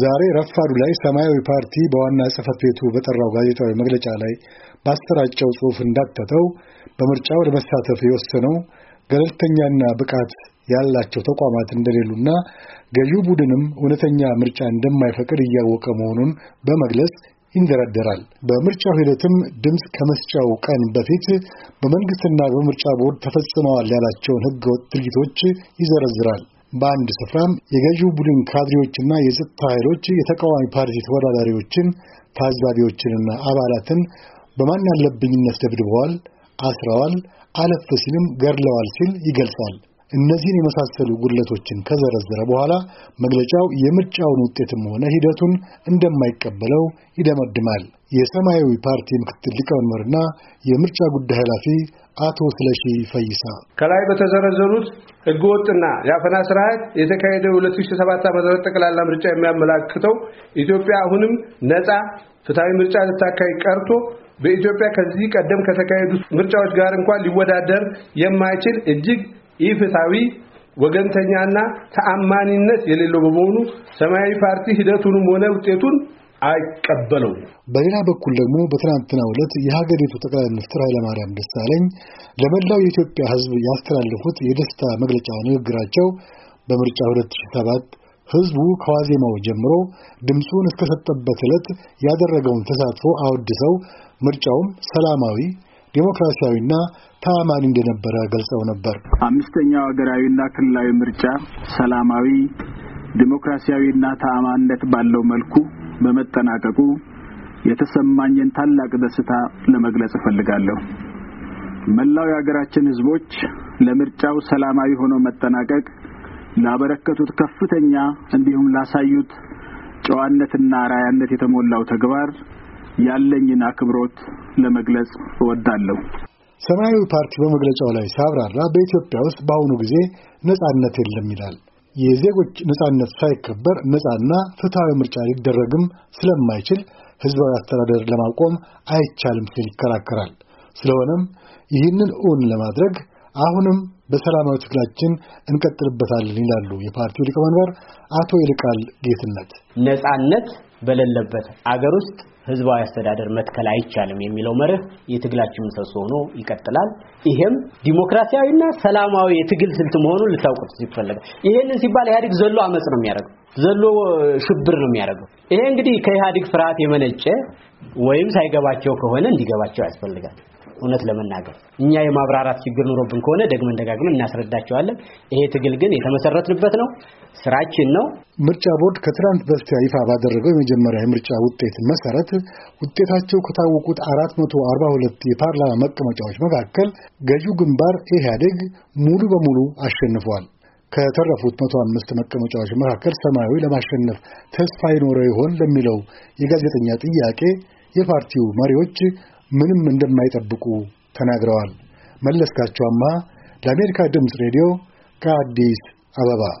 ዛሬ ረፋዱ ላይ ሰማያዊ ፓርቲ በዋና ጽህፈት ቤቱ በጠራው ጋዜጣዊ መግለጫ ላይ ባሰራጨው ጽሑፍ እንዳተተው በምርጫው ለመሳተፍ የወሰነው ገለልተኛና ብቃት ያላቸው ተቋማት እንደሌሉና ገዢው ቡድንም እውነተኛ ምርጫ እንደማይፈቅድ እያወቀ መሆኑን በመግለጽ ይንደረደራል። በምርጫው ሂደትም ድምፅ ከመስጫው ቀን በፊት በመንግስትና በምርጫ ቦርድ ተፈጽመዋል ያላቸውን ህገወጥ ድርጊቶች ይዘረዝራል። በአንድ ስፍራም የገዢው ቡድን ካድሬዎችና የጸጥታ ኃይሎች የተቃዋሚ ፓርቲ ተወዳዳሪዎችን፣ ታዛቢዎችንና አባላትን በማን ያለብኝነት ደብድበዋል፣ አስረዋል፣ አለፍ ሲልም ገድለዋል ሲል ይገልጻል። እነዚህን የመሳሰሉ ጉድለቶችን ከዘረዘረ በኋላ መግለጫው የምርጫውን ውጤትም ሆነ ሂደቱን እንደማይቀበለው ይደመድማል። የሰማያዊ ፓርቲ ምክትል ሊቀመንበርና የምርጫ ጉዳይ ኃላፊ አቶ ስለሺ ፈይሳ ከላይ በተዘረዘሩት ህገወጥና የአፈና ስርዓት የተካሄደው 2007 ዓ.ም ጠቅላላ ምርጫ የሚያመላክተው ኢትዮጵያ አሁንም ነፃ ፍትሐዊ ምርጫ ልታካሂድ ቀርቶ በኢትዮጵያ ከዚህ ቀደም ከተካሄዱ ምርጫዎች ጋር እንኳን ሊወዳደር የማይችል እጅግ ኢፍታዊ ወገንተኛና ተአማኒነት የሌለው በመሆኑ ሰማያዊ ፓርቲ ሂደቱንም ሆነ ውጤቱን አይቀበለው በሌላ በኩል ደግሞ በትናንትና ዕለት የሀገሪቱ ጠቅላይ ሚኒስትር ኃይለማርያም ደሳለኝ ለመላው የኢትዮጵያ ሕዝብ ያስተላለፉት የደስታ መግለጫ ንግግራቸው በምርጫ 2007 ሕዝቡ ከዋዜማው ጀምሮ ድምፁን እስከሰጠበት ዕለት ያደረገውን ተሳትፎ አወድሰው ምርጫውም ሰላማዊ ዴሞክራሲያዊና ተአማኒ እንደነበረ ገልጸው ነበር። አምስተኛው ሀገራዊና ክልላዊ ምርጫ ሰላማዊ፣ ዴሞክራሲያዊና ተአማኒነት ባለው መልኩ በመጠናቀቁ የተሰማኝን ታላቅ ደስታ ለመግለጽ እፈልጋለሁ። መላው የሀገራችን ሕዝቦች ለምርጫው ሰላማዊ ሆኖ መጠናቀቅ ላበረከቱት ከፍተኛ እንዲሁም ላሳዩት ጨዋነትና ራያነት የተሞላው ተግባር ያለኝን አክብሮት ለመግለጽ እወዳለሁ። ሰማያዊ ፓርቲ በመግለጫው ላይ ሲያብራራ በኢትዮጵያ ውስጥ በአሁኑ ጊዜ ነጻነት የለም ይላል። የዜጎች ነጻነት ሳይከበር ነጻና ፍትሐዊ ምርጫ ሊደረግም ስለማይችል ህዝባዊ አስተዳደር ለማቆም አይቻልም ሲል ይከራከራል። ስለሆነም ይህንን እውን ለማድረግ አሁንም በሰላማዊ ትግላችን እንቀጥልበታለን ይላሉ የፓርቲው ሊቀመንበር አቶ ይልቃል ጌትነት ነጻነት በሌለበት አገር ውስጥ ህዝባዊ አስተዳደር መትከል አይቻልም የሚለው መርህ የትግላችን ምሰሶ ሆኖ ይቀጥላል። ይሄም ዲሞክራሲያዊና ሰላማዊ የትግል ስልት መሆኑን ልታውቁት ይፈልጋል። ይሄንን ሲባል ኢህአዴግ ዘሎ አመጽ ነው የሚያደርገው፣ ዘሎ ሽብር ነው የሚያደርገው። ይሄ እንግዲህ ከኢህአዴግ ፍርሃት የመነጨ ወይም ሳይገባቸው ከሆነ እንዲገባቸው ያስፈልጋል። እውነት ለመናገር እኛ የማብራራት ችግር ኑሮብን ከሆነ ደግመን ደጋግመን እናስረዳቸዋለን። ይሄ ትግል ግን የተመሰረትንበት ነው፣ ስራችን ነው። ምርጫ ቦርድ ከትናንት በስቲያ ይፋ ባደረገው የመጀመሪያ የምርጫ ውጤት መሰረት ውጤታቸው ከታወቁት 442 የፓርላማ መቀመጫዎች መካከል ገዢው ግንባር ኢህአዴግ ሙሉ በሙሉ አሸንፏል። ከተረፉት መቶ አምስት መቀመጫዎች መካከል ሰማያዊ ለማሸነፍ ተስፋ ይኖረው ይሆን ለሚለው የጋዜጠኛ ጥያቄ የፓርቲው መሪዎች ምንም እንደማይጠብቁ ተናግረዋል። መለስካቸው ለአሜሪካ ድምፅ ሬዲዮ ከአዲስ አበባ